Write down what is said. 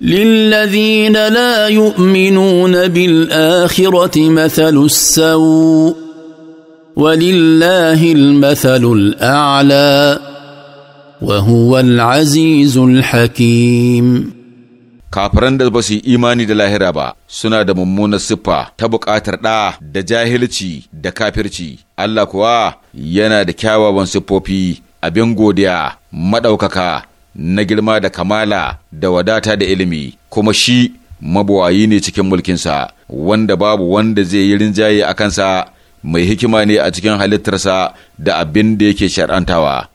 للذين لا يؤمنون بالاخره مثل السوء ولله المثل الاعلى وهو العزيز الحكيم kafiran da ba su yi imani da lahira ba suna da mummunar siffa ta buƙatar ɗa da jahilci da kafirci Allah kuwa yana da kyawawan siffofi abin godiya maɗaukaka na girma da kamala da wadata da ilimi kuma shi mabuwayi ne cikin mulkinsa wanda babu wanda zai yi rinjaye a kansa mai hikima ne a cikin halittarsa da abin da yake shar'antawa